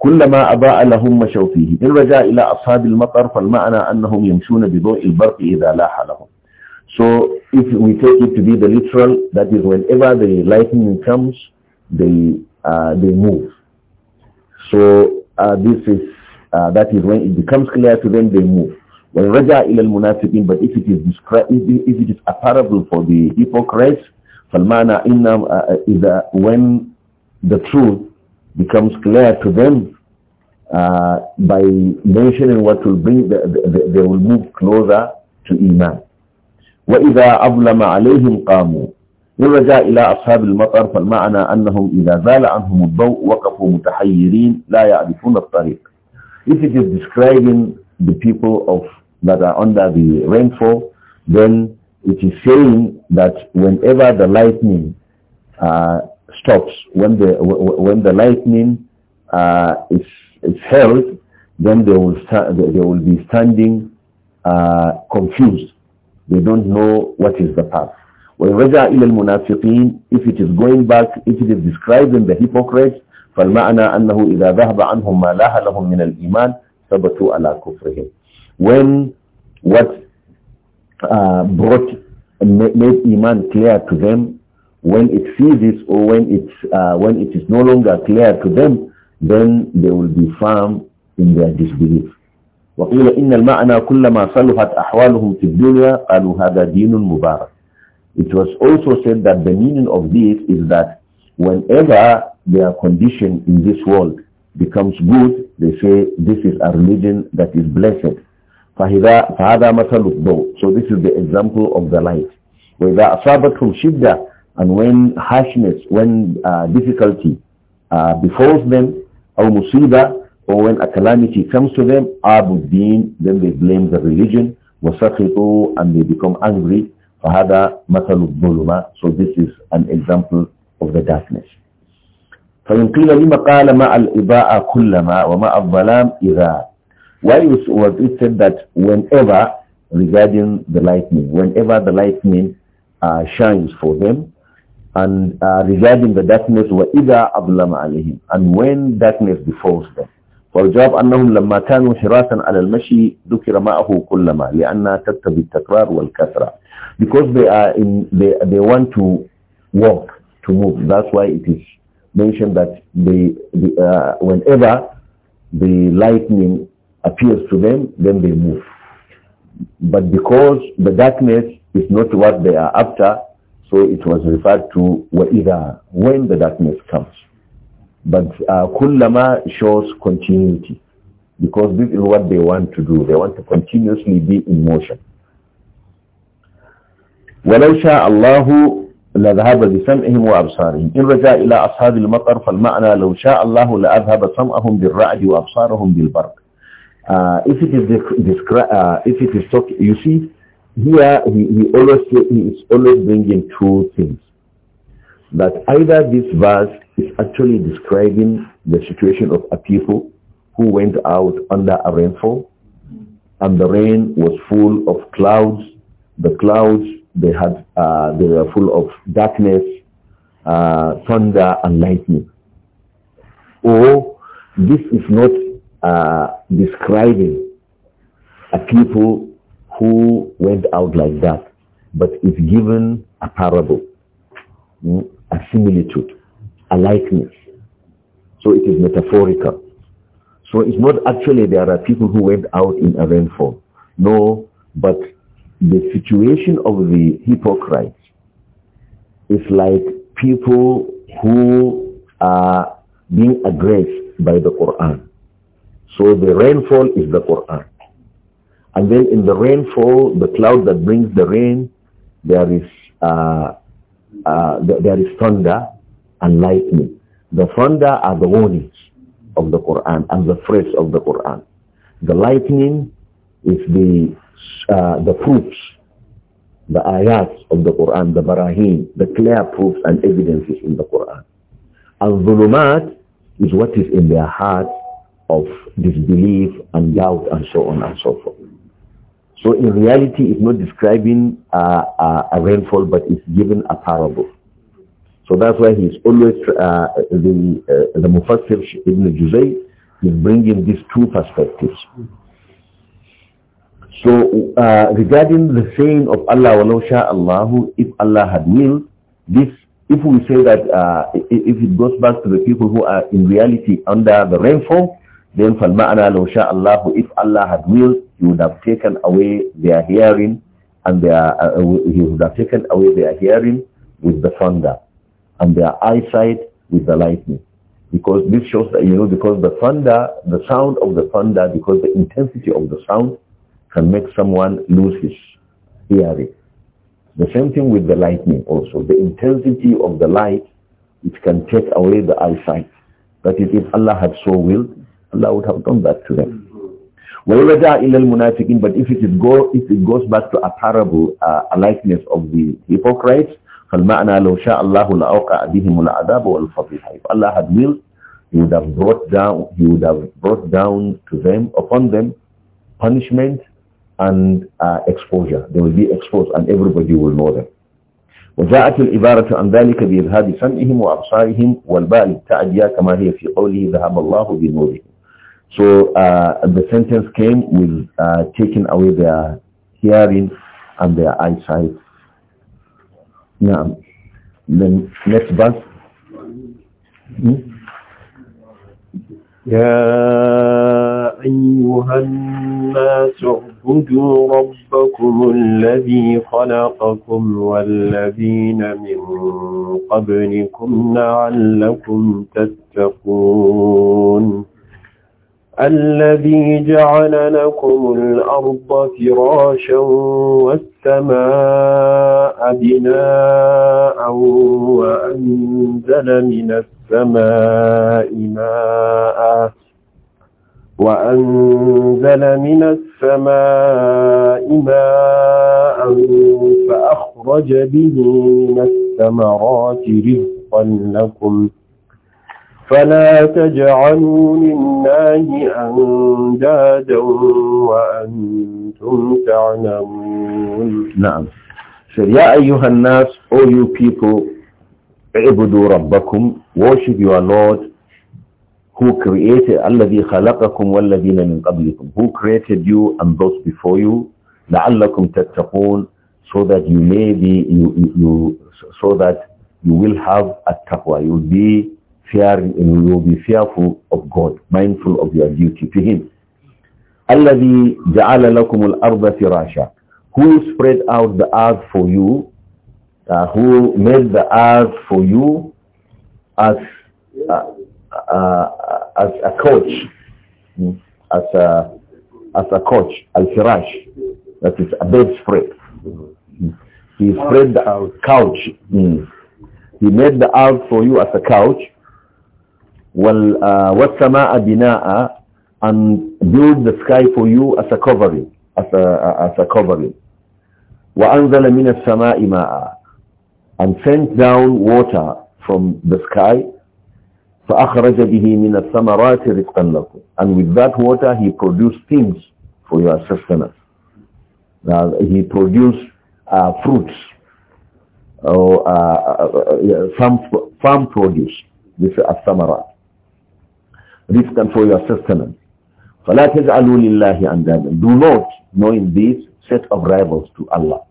كلما أضاء لهم مشوا فيه إن إلى أصحاب المطر فالمعنى أنهم يمشون بضوء البرق إذا لاح لهم So if we take it to be the literal, that is whenever the lightning comes, they, uh, they move. So uh, this is, uh, that is when it becomes clear to them, they move. When Raja إلى al but if it is described, if it is a parable for the hypocrites, فَالْمَعْنَى إِنَّمْ إِذَا uh, When the truth becomes clear to them uh, by mentioning what will bring, the, the, they will move closer to Iman. وَإِذَا أَظْلَمَ عَلَيْهِمْ قَامُوا للرجاء إلى أصحاب المطر فالمعنى أنهم إذا زال عنهم الضوء وقفوا متحيرين لا يعرفون الطريق. If it is describing the people of that are under the rainfall, then it is saying that whenever the lightning uh, stops, when the, when the lightning uh, is, is held, then they will, they will be standing uh, confused. They don't know what is the path. When رجع إلى المنافقين, if it is going back, if it is describing the hypocrites, فالمعنى أنه إذا ذهب عنهم ما لهم من الإيمان ثبتوا على كفرهم. When what uh, brought made Iman clear to them when it sees it or when it, uh, when it is no longer clear to them, then they will be firm in their disbelief. وقيل إن المعنى كلما صلحت أحوالهم في الدنيا قالوا هذا دين مبارك. It was also said that the meaning of this is that whenever their condition in this world becomes good, they say this is a religion that is blessed. فهذا مثل الضوء. So this is the example of the light. وإذا أصابتهم شدة and when harshness, when uh, difficulty uh, befalls them, or musiba, or when a calamity comes to them, din, then they blame the religion, wasakhitu, and they become angry. فَهَذَا مَثَلُ الظُّلُمَةِ So this is an example of the darkness. فإن قيل قال مع الإباء كلما ومع الظلام إذا Why was it said that whenever regarding the lightning, whenever the lightning uh, shines for them, and uh, regarding the darkness وَإِذَا أَظْلَمَ عَلَيْهِمْ and when darkness befalls them for job, والجواب أنهم لما كانوا حراسا على المشي ذكر معه كلما لأنها تقتضي التكرار والكثرة because they are in they, they want to walk to move that's why it is mentioned that they, the, uh, whenever the lightning appears to them then they move but because the darkness is not what they are after so it was referred to وَإِذَا when the darkness comes. But uh, kullama shows continuity because this is what they want to do. They want to continuously be in motion. ولو شاء الله لذهب بسمعهم وأبصارهم إن رجع إلى أصحاب المطر فالمعنى لو شاء الله لأذهب سمعهم بالرعد وأبصارهم بالبرق uh, if it is uh, if it is talk, you see here, he, he, always, he is always bringing two things. That either this verse is actually describing the situation of a people who went out under a rainfall, and the rain was full of clouds. The clouds, they, had, uh, they were full of darkness, uh, thunder and lightning. Or this is not uh, describing a people who went out like that, but is given a parable, hmm, a similitude, a likeness. So it is metaphorical. So it's not actually there are people who went out in a rainfall. No, but the situation of the hypocrites is like people who are being aggressed by the Quran. So the rainfall is the Quran. And then in the rainfall, the cloud that brings the rain, there is, uh, uh, there is thunder and lightning. The thunder are the warnings of the Quran and the threats of the Quran. The lightning is the, uh, the proofs, the ayats of the Quran, the barahim, the clear proofs and evidences in the Quran. And zulumat is what is in their heart of disbelief and doubt and so on and so forth. So in reality, it's not describing a, a, rainfall, but it's given a parable. So that's why he's always, uh, the, uh, the Mufassir Ibn Juzay is bringing these two perspectives. So uh, regarding the saying of Allah, وَلَوْ شَاءَ اللَّهُ If Allah had willed, this, if we say that, uh, if it goes back to the people who are in reality under the rainfall, then فَالْمَعْنَى لَوْ شَاءَ اللَّهُ If Allah had willed, he would have taken away their hearing and their, uh, uh, he would have taken away their hearing with the thunder and their eyesight with the lightning. Because this shows that, you know, because the thunder, the sound of the thunder, because the intensity of the sound can make someone lose his hearing. The same thing with the lightning also. The intensity of the light, it can take away the eyesight. That is, if Allah had so willed, Allah would have done that to them. وَيُرَجَعْ But if it, go, if it goes back to a parable, uh, a likeness of the hypocrites, فَالْمَعْنَى لَوْ شَاءَ اللَّهُ لَأَوْقَعَ بِهِمُ الْعَذَابُ وَالْفَضِحَ If Allah had willed, He would have brought down, He would have brought down to them, upon them, punishment and uh, exposure. They will be exposed and everybody will know them. وجاءت العبارة عن ذلك بإذهاب سمعهم وأبصارهم والبال التعدية كما هي في قوله ذهب الله بنورهم so uh, the sentence came with uh, taking away their hearing and their eyesight. Now, the next verse. Hmm?
يا أيها الناس اعبدوا ربكم الذي خلقكم والذين من قبلكم لعلكم تتقون الذي جعل لكم الأرض فراشا والسماء بناء وأنزل من السماء ماء وأنزل من السماء ماء فأخرج به من الثمرات رزقا لكم ۖ فلا تجعلوا لله أندادا وأنتم تعلمون
نعم يا أيها الناس all you people اعبدوا ربكم worship your Lord who created الذي خلقكم والذين من قبلكم who created you and those before you لعلكم تتقون so that you may be you, you, you so that you will have at taqwa you will be fearing you will be fearful of God, mindful of your duty to Him. الَّذِي جَعَلَ لَكُمُ الْأَرْضَ فِرَاشًا Who spread out the earth for you, uh, who made the earth for you as, uh, uh, as a coach, hmm, as a, as a coach, al-firash, that is a bedspread. He spread the couch. Hmm. He made the earth for you as a couch wal, uh, وَالسَّمَاءَ بِنَاءَ and build the sky for you as a covering, as a, as a covering. وَأَنْزَلَ مِنَ السَّمَاءِ مَاءً and sent down water from the sky. فَأَخْرَجَ بِهِ مِنَ الثَّمَرَاتِ رِزْقًا And with that water he produced things for your sustenance. Uh, he produced uh, fruits or uh, some uh, uh, uh, farm produce. This is a samarat rizqan for your sustenance. فَلَا تَجْعَلُوا لِلَّهِ أَنْدَادًا Do not, knowing this, set of rivals to Allah.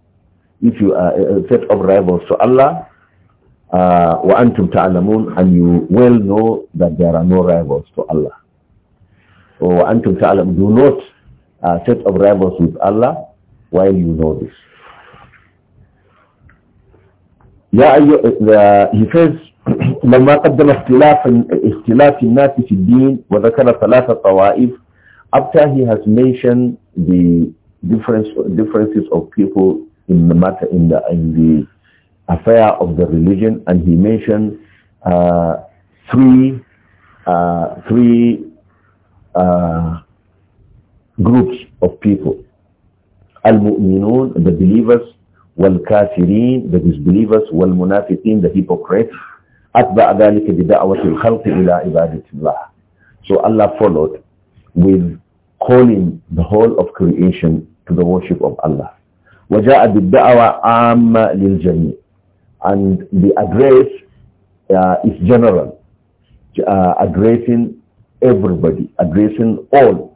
If you a uh, uh, set of rivals to Allah, uh, وَأَنْتُمْ تَعْلَمُونَ And you well know that there are no rivals to Allah. وَأَنْتُمْ تَعْلَمُونَ Do not uh, set of rivals with Allah while you know this. Yeah, uh, he says, لما قدم اختلاف اختلاف الناس في الدين وذكر طوائف after he has mentioned the difference differences of people in the matter in the in the affair of the religion and he mentioned uh, three uh, three uh, groups of people al-mu'minun the believers wal-kafirin the disbelievers wal-munafiqin the hypocrites أتبع ذلك بدعوة الخلق إلى عبادة الله. So Allah followed with calling the whole of creation to the worship of Allah. وجاء بالدعوة عامة للجميع. And the address uh, is general, uh, addressing everybody, addressing all.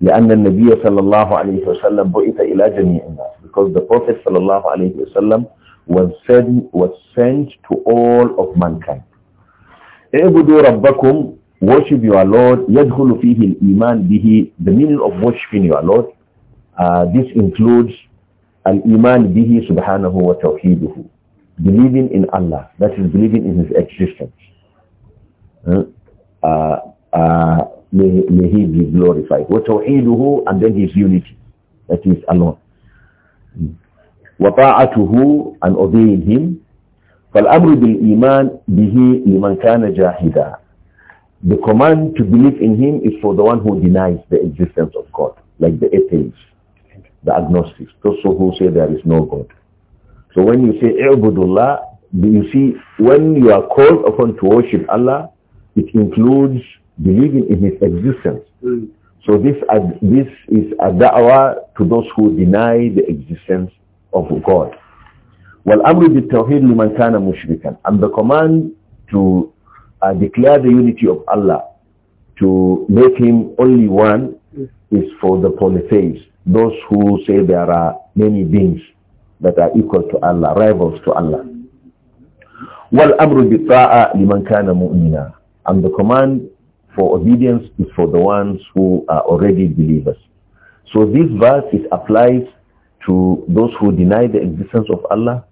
لأن النبي صلى الله عليه وسلم بعث إلى جميع الناس because the Prophet صلى الله عليه وسلم was sent, was sent to all of mankind. Ebudu Rabbakum, worship your Lord, yadkhulu fihi iman bihi, the meaning of worshiping your Lord, uh, this includes al-iman bihi subhanahu wa tawhiduhu, believing in Allah, that is believing in His existence. Uh, uh, may, may He be glorified. Wa tawhiduhu, and then His unity, that is alone. وطاعته and obeying him فالأمر بالإيمان به لمن كان جاهدا The command to believe in him is for the one who denies the existence of God, like the atheists, the agnostics, those who say there is no God. So when you say Ibudullah, you see when you are called upon to worship Allah, it includes believing in his existence. Hmm. So this, this is a da'wah to those who deny the existence of God. وَالْأَمْرُ بِالتَّوْحِيدِ لِمَنْ كَانَ مُشْرِكًا And the command to uh, declare the unity of Allah, to make him only one, is for the polytheists, those who say there are many beings that are equal to Allah, rivals to Allah. وَالْأَمْرُ بِالطَّاعَةِ لِمَنْ كَانَ مُؤْمِنًا And the command for obedience is for the ones who are already believers. So this verse is applies to those who deny the existence of Allah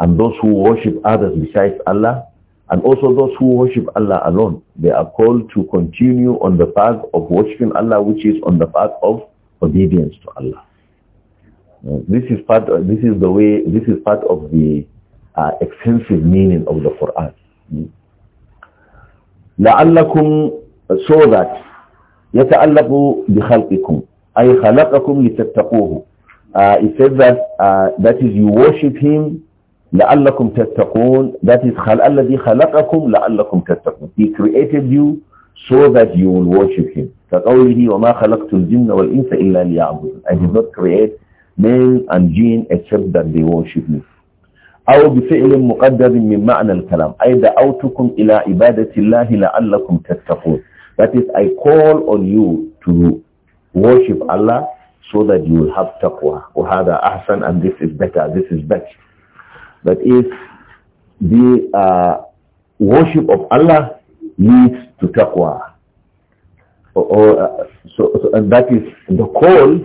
and those who worship others besides Allah and also those who worship Allah alone. They are called to continue on the path of worshiping Allah which is on the path of obedience to Allah. Uh, this is part. Of, uh, this is the way. This is part of the uh, extensive meaning of the Quran. Hmm. لعلكم uh, so that يتعلق بخلقكم أي خلقكم لتتقوه uh, it says that uh, that is you worship him لعلكم تتقون that is الذي خلقكم لعلكم تتقون he created you so that you will worship him كقوله وما خلقت الجن والإنس إلا ليعبدون I did not create man and jinn except that they worship me أو بفعل مقدر من معنى الكلام أي دعوتكم إلى عبادة الله لعلكم تتقون that is I call on you to worship Allah so that you will have taqwa. وَهَذَا أَحْسَنْ And this is better, this is best. But if the uh, worship of Allah leads to taqwa, or, oh, or oh, uh, so, so, and that is the call,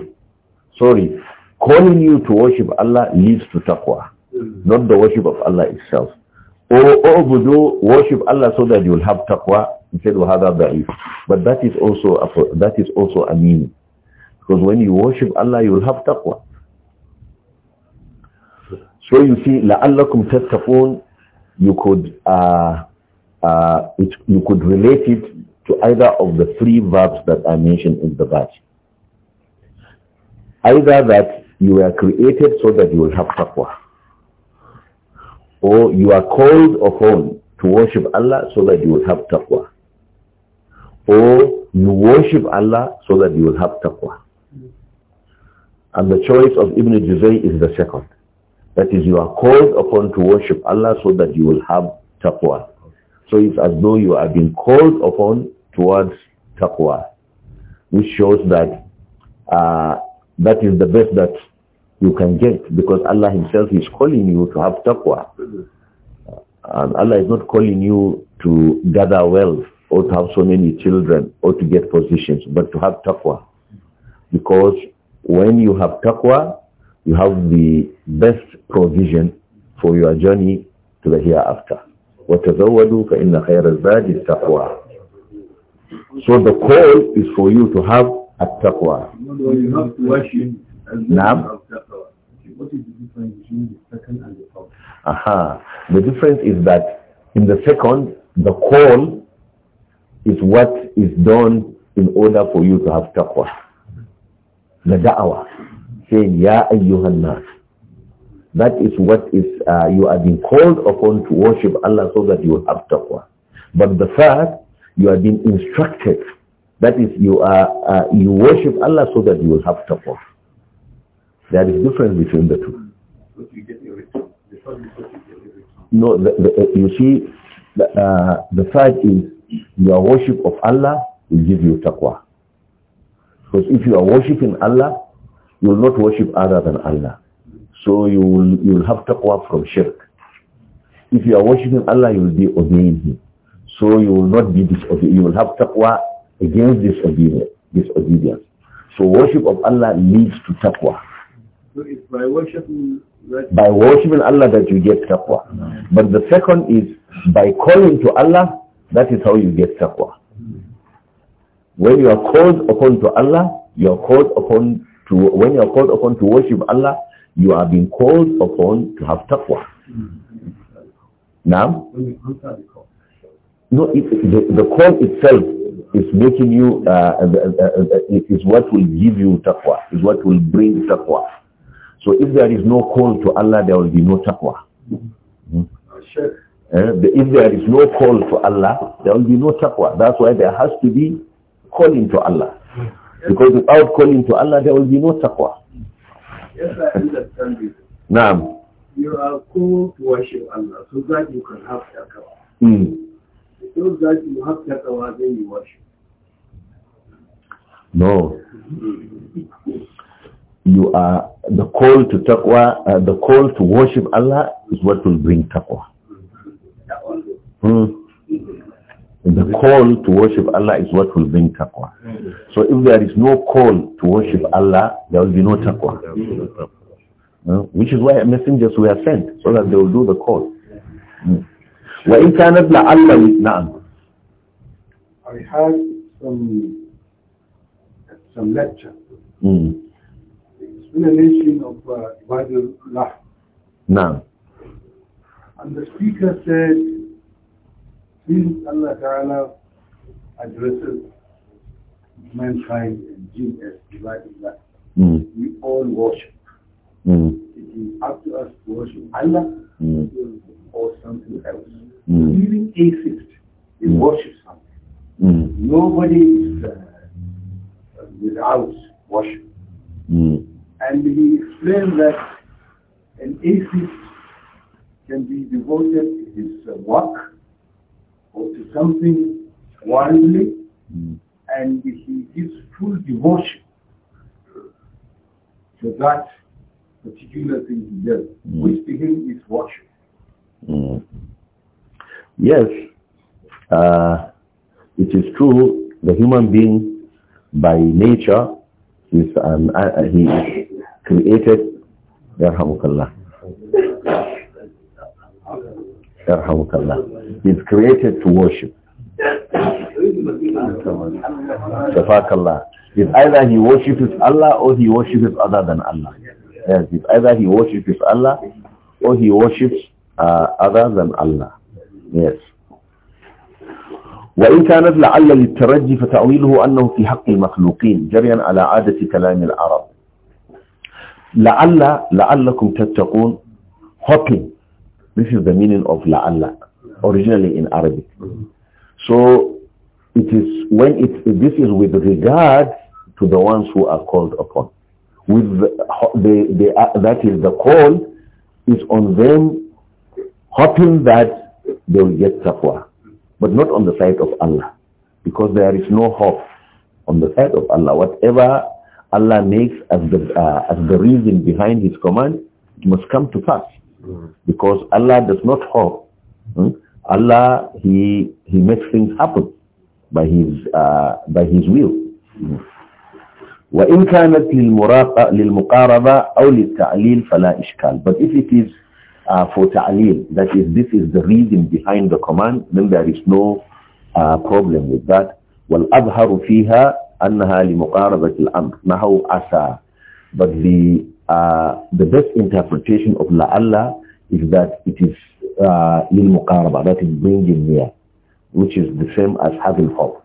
sorry, calling you to worship Allah leads to taqwa, not the worship of Allah itself. Or, or budu, worship Allah so that you will have taqwa. He said, وَهَذَا But that is also a, that is also a meaning. Because when you worship Allah, you will have taqwa. So you see, لَأَلَّكُمْ تَتَّقُونَ You could, uh, uh, it, you could relate it to either of the three verbs that I mentioned in the verse. Either that you were created so that you will have taqwa. Or you are called upon to worship Allah so that you will have taqwa. Or you worship Allah so that you will have taqwa. And the choice of Ibn Juzay is the second. That is, you are called upon to worship Allah so that you will have taqwa. So it's as though you are being called upon towards taqwa, which shows that uh, that is the best that you can get because Allah himself is calling you to have taqwa. And Allah is not calling you to gather wealth or to have so many children or to get positions, but to have taqwa. Because when you have taqwa, you have the best provision for your journey to the hereafter. وَتَزَوَّدُوا فَإِنَّ خَيْرَ الزَّادِ التَّقْوَى So the call is for you to have a taqwa.
you have to worship now, what is the difference between the second and the first?
Aha. The difference is that in the second, the call is what is done in order for you to have taqwa the da'wah, saying, Ya ayyuhan nas. That is what is, uh, you are being called upon to worship Allah so that you will have taqwa. But the fact, you are being instructed. That is, you are, uh, you worship Allah so that you will have taqwa. There is difference between the two. No, the, the, you see, the, uh, the fact is, your worship of Allah will give you taqwa. Because if you are worshipping Allah, you will not worship other than Allah. So you will, you will have taqwa from shirk. If you are worshipping Allah, you will be obeying Him. So you will not be disobedient. You will have taqwa against disobedience. So worship of Allah leads to taqwa. So it's by worshiping by worshiping Allah that you get taqwa. But the second is by calling to Allah, that is how you get taqwa. When you are called upon to Allah, you are called upon to, when you are called upon to worship Allah, you are being called upon to have taqwa. Now, no, it, the, the call itself is making you, uh, uh, uh, is what will give you taqwa, is what will bring taqwa. So if there is no call to Allah, there will be no taqwa. Hmm? Sure. if there is no call to Allah, there will be no taqwa. That's why there has to be calling to Allah. Because without calling to Allah, there will be no taqwa.
Yes, I understand Naam. You are called to worship Allah so that you can have taqwa. Mm. that you have taqwa, then you worship.
No. you are the call to taqwa, uh, the call to worship Allah is what will bring taqwa. Mm. The call to worship Allah is what will bring taqwa. So if there is no call to worship Allah, there will be no taqwa. Uh, which is why messengers were sent, so that they will do the call. وَإِنْ كَانَتْ لَعَلَّهُ نَعَمْ
I had some, some lecture. Mm. Explanation of uh, Allah. Now. And the speaker said, since Allah Ta'ala addresses mankind and jinn as divine mm. we all worship. Mm. It is up to us to worship Allah mm. or something else. Mm. Even atheist, he mm. worship something. Hmm. Nobody is uh, without worship. Hmm. And he explained that an atheist can be devoted to his uh, work, or to something worldly, mm. and he gives full devotion to that particular thing he does, mm. which to him is worship.
Mm. Yes, uh, it is true, the human being by nature is an, uh, he is created, is created to worship. الله It's either he worships Allah or he worships other than Allah. Yes, it's either he worships Allah or he worships uh, other than Allah. Yes. وإن كانت لعل للترجي فتأويله أنه في حق المخلوقين جريا على عادة كلام العرب لعل لعلكم تتقون hoping This is the meaning of la'alla, originally in Arabic. So it is when it this is with regard to the ones who are called upon. With the, the, the, uh, that is the call is on them hoping that they will get taqwa, but not on the side of Allah, because there is no hope on the side of Allah. Whatever Allah makes as the, uh, as the reason behind his command, it must come to pass. Because Allah does not hope. Hmm? Allah, he, he makes things happen by his, uh, by his will. Hmm. وإن كانت للمقاربة أو للتعليل فلا إشكال. But if it is uh, for ta'leel, that is, this is the reason behind the command, then there is no uh, problem with that. والأظهر فيها أنها لمقاربة الأمر But the uh, the best interpretation of la'alla is that it is uh, lil uh, that is bringing near, which is the same as having hope.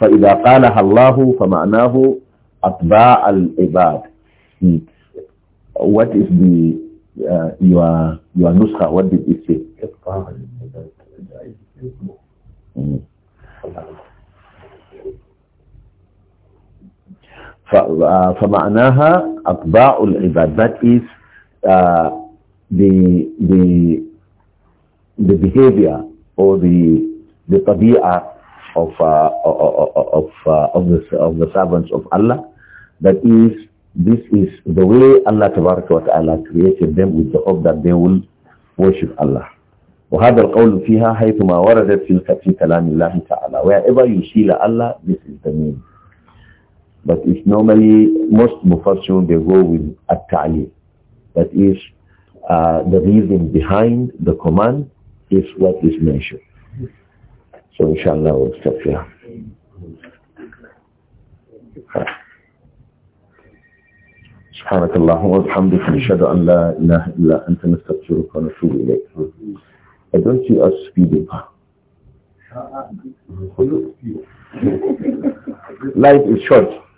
فَإِذَا قَالَهَا اللَّهُ فَمَعْنَاهُ أَطْبَاعَ الْعِبَادِ What is the, uh, your, your nuskha, what did it say? فَمَعْنَاهَا أَطْبَاعُ الْعِبَادِ That is uh, the, the, the behavior or the, the tabi'ah of, uh, of, uh, of, the, of the servants of Allah. That is, this is the way Allah Ta'ala created them with the hope that they will worship Allah. وهذا القول فيها حيثما وردت في كلام الله تعالى wherever you see Allah this is the meaning but it's normally, most mufassirun they go with at-ta'lil. That is, uh, the reason behind the command is what is mentioned. So inshallah we'll stop here. سبحانك اللهم وبحمدك نشهد ان لا اله الا انت نستغفرك ونتوب اليك. I don't see us speeding. Life is short.